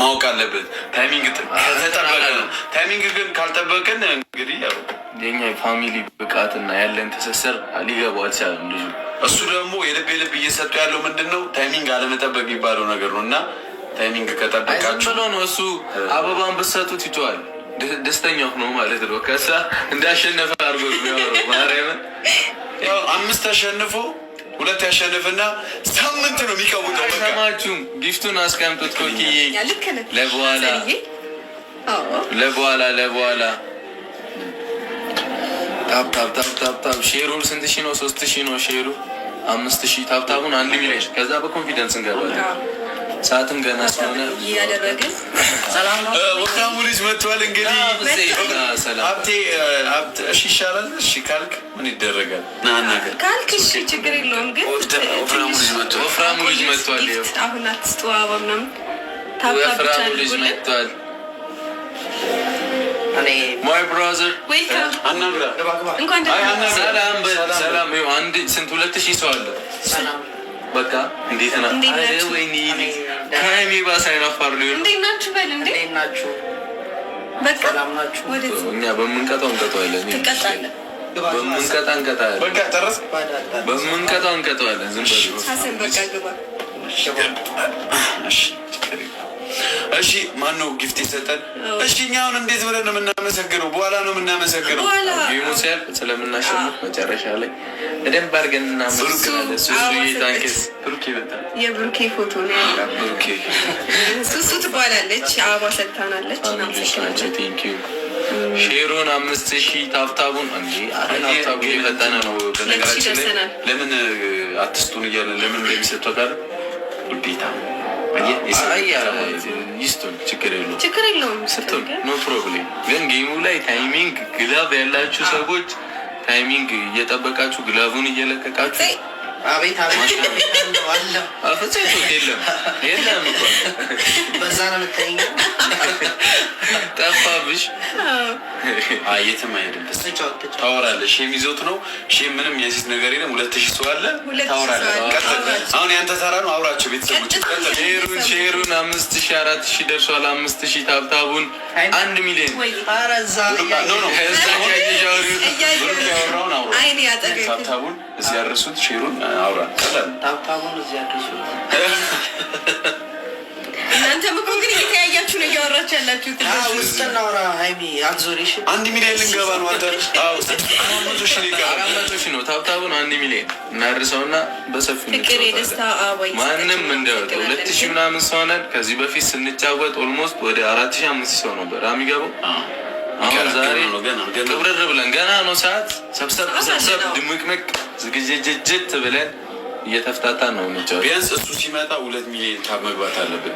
ማወቅ አለብን። ታይሚንግ ተጠበቀ ነው። ታይሚንግ ግን ካልጠበቅን እንግዲህ ያው የኛ የፋሚሊ ብቃትና ያለን ትስስር ሊገባል አልቻለም ልጁ። እሱ ደግሞ የልብ የልብ እየሰጡ ያለው ምንድን ነው ታይሚንግ አለመጠበቅ የሚባለው ነገር ነው እና ታይሚንግ ከጠበቃችሁ ነው እሱ አበባን ብትሰጡት ይተዋል። ደስተኛው ነው ማለት ነው ከሳ እንዳሸነፈ አርጎ ያው አምስት ተሸንፎ ሁለት ያሸንፍና ሳምንት ነው የሚቀውጠው። ሰማችሁም? ጊፍቱን አስቀምጡት። ኮኪዬ ለበኋላ ለበኋላ ለበኋላ ታብታብታብታብታብ ሼሩ ስንት ሺ ነው? ሶስት ሺ ነው ሼሩ። አምስት ሺ ታብታቡን አንድ ሚሊዮን ከዛ በኮንፊደንስ እንገባለን። ሰዓትም ገና ስለሆነ ወፍራሙ ልጅ መጥቷል። እንግዲህ ሀብቴ እሺ ይሻላል። እሺ ካልክ ምን ይደረጋል? ካልክ እሺ ችግር የለውም። ግን ወፍራሙ ልጅ መጥቷል። አሁን ወፍራሙ ልጅ መጥቷል። ማይ ብራዘር አንድ ስንት ሁለት ሺህ ሰው አለ። በቃ እንዴት ና ወይኔ ከሀይሚ ባሰ አይናፋር ሊሆን እንዴት ናችሁ? በል እንዴት ናችሁ? እኛ በምንቀጣው እንቀጠዋለን፣ በምንቀጣ እንቀጣለን፣ በምንቀጣው እንቀጠዋለን። ዝም በቃ እሺ ማን ነው ጊፍት የሰጠን? እሺ እኛ አሁን እንዴት ብለን ነው የምናመሰግነው? በኋላ ነው የምናመሰግነው። ሙሴል ስለምናሸንፍ መጨረሻ ላይ በደንብ አድርገን እናመሰግናለን። የብሩኬ ፎቶ ነው ያለው። ሱሱ ትባላለች፣ አበባ ሰጥታናለች። ሼሮን አምስት ሺህ ታፍታቡን ታብታቡ የፈጠነ ነው። በነገራችን ላይ ለምን አትስጡን እያለን ለምን እንደሚሰጥ ውዴታ ይስጡን፣ ችግር ችግር የለውም ኖ ፕሮብሌም። ግን ጌሙ ላይ ታይሚንግ ግላቭ ያላችሁ ሰዎች ታይሚንግ እየጠበቃችሁ ግላቡን እየለቀቃችሁ አቤት አቤት የለም የለም ሼም ይዞት ነው ሼም ምንም የሴት ነገር የለም። ሁለት ሺህ ሰው አለ። አሁን ያንተ ተራ ነው። አውራቸው ቤተሰቦች ሼሩን ሼሩን አምስት ሺህ አራት ሺህ ደርሷል። አምስት ሺህ ታብታቡን አንድ ሚሊዮን ታብታቡን ሲያርሱት ሼሩን አውራ ታብታሙን እናንተ ምኮ ግን እየተያያችሁ ነው እያወራችሁ ያላችሁት። ውስጥ እናውራ። ሀይሚ አትዞሪሽ። አንድ ሚሊዮን ልንገባ ነው። አንተ ነው ታብታቡን አንድ ሚሊዮን እናድርሰውና በሰፊው ማንም እንዳይወጣ ሁለት ሺህ ምናምን ሰው ነን። ከዚህ በፊት ስንጫወት ኦልሞስት ወደ አራት አምስት ሰው ነበር የሚገባው አሁን ዛሬ ግብርር ብለን ገና ነው ሰዓት ሰብሰብ ሰብሰብ ድምቅምቅ ዝግጅጅት ብለን እየተፍታታ ነው የሚጫወት። ቢያንስ እሱ ሲመጣ ሁለት ሚሊዮን ካብ መግባት አለብን።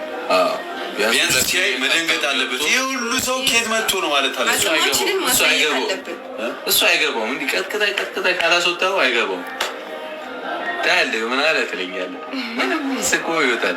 ቢያንስ ሲያይ መደንገጥ አለበት። ይህ ሁሉ ሰው ኬት መጥቶ ነው ማለት አለ። እሱ አይገባውም። እንዲህ ቀጥቅጣይ ቀጥቅጣይ ካላስወጣው አይገባውም። ታያለህ። ምን አለ ትለኛለህ። ምንም ስኮ ይወጣል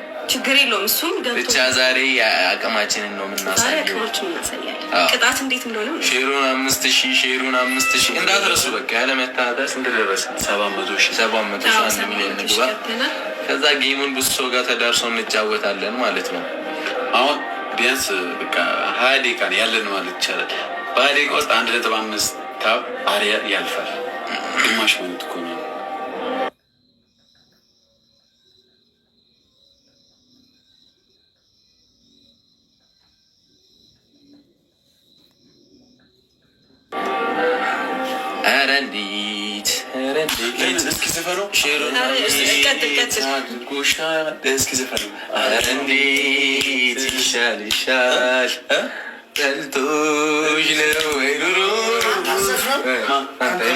ችግር የለውም። እሱም ብቻ ዛሬ አቅማችንን ነው የምናሳየው። ቅጣት እንዴት እንደሆነ ሼሩን አምስት ሺ ሼሩን አምስት ሺ እንዳትረሱ። በቃ ያለ መታደስ እንደደረሰ ሰባት መቶ ሺ ሰባት መቶ ሺ አንድ ሚሊዮን ንግባ። ከዛ ጌሙን ብሶ ጋር ተዳርሶ እንጫወታለን ማለት ነው። አሁን ቢያንስ በቃ ሀያ ደቂቃ ነው ያለን ማለት ይቻላል። በሀያ ደቂቃ ውስጥ አንድ ነጥብ አምስት አሪያ ያልፋል። ግማሽ ሆኑት እኮ ነው ኧረ እንዴት ኧረ እንዴት እስኪ ዘፈኑ እስኪ ዘፈኑ ኧረ እንዴት ይሻል ይሻል ጠልቶሽ ነው ወይ ኑሮ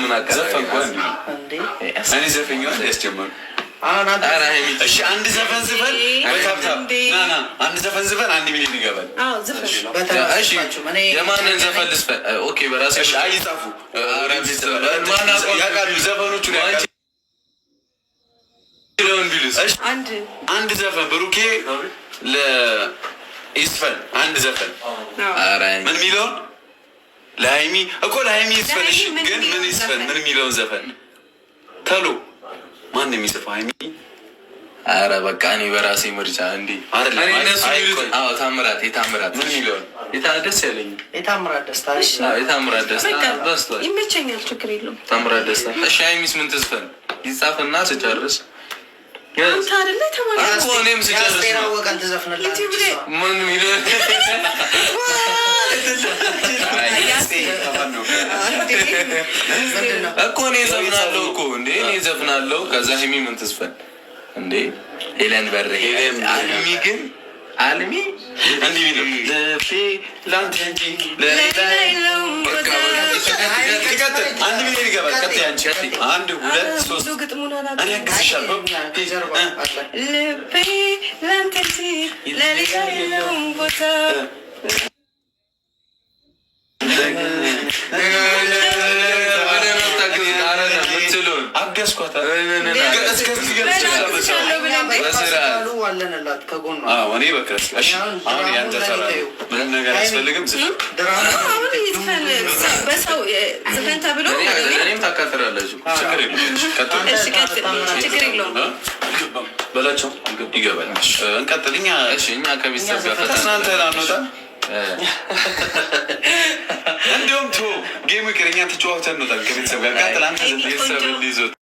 ምን አቃ ዘፈንኳ እኔ ዘፈኛዋን ያስጀመሩ አንድ ዘፈን ዝፈን አንድ ዘፈን ዝፈን አንድ ሚሊዮን ይገባል። የማንን ዘፈን ልስፈን? ኦኬ በራስሽ አይጻፉ ያውቃሉ አንድ ዘፈን ብሩኬ ይስፈን አንድ ዘፈን ምን የሚለውን ለሀይሚ እኮ ለሀይሚ ይስፈን። እሺ ግን ምን ይስፈን? ምን የሚለውን ዘፈን ተሎ ማን የሚጽፈው ሀይሚ? አረ በቃ እኔ በራሴ ምርጫ እንዲ ታምራት የታምራት ምን ይለዋል? ደስ ያለኝ የታምራት ደስታ የታምራት ደስታ ይመቸኛል። ችግር የለም። ታምራት ደስታ እሺ። ሀይሚስ ምን ትዝፈን? ይጻፍና ስጨርስ እኮ እኔ ዘፍናለሁ እኮ እንዴ፣ እኔ ዘፍናለሁ። ከዛ ሀይሚ ምን ትዝፈን እንዴ? ሄለን በሬ አልሚ ግን አልሚ እንዲህ ቢለው ለፌ ላንተ እንጂ አንድ ሁለት ሶስት እኔ ያግዝሻለሁ። ልቤ ላንተ እንጂ ለሌላ የለውም ቦታ እንዲሁም ይገባል። ጌሙ ይቅር፣ እኛ ተጫዋተን እንወጣለን ከቤተሰብ ጋር ቀጥል። አንተ ቤተሰብ ሊይዞት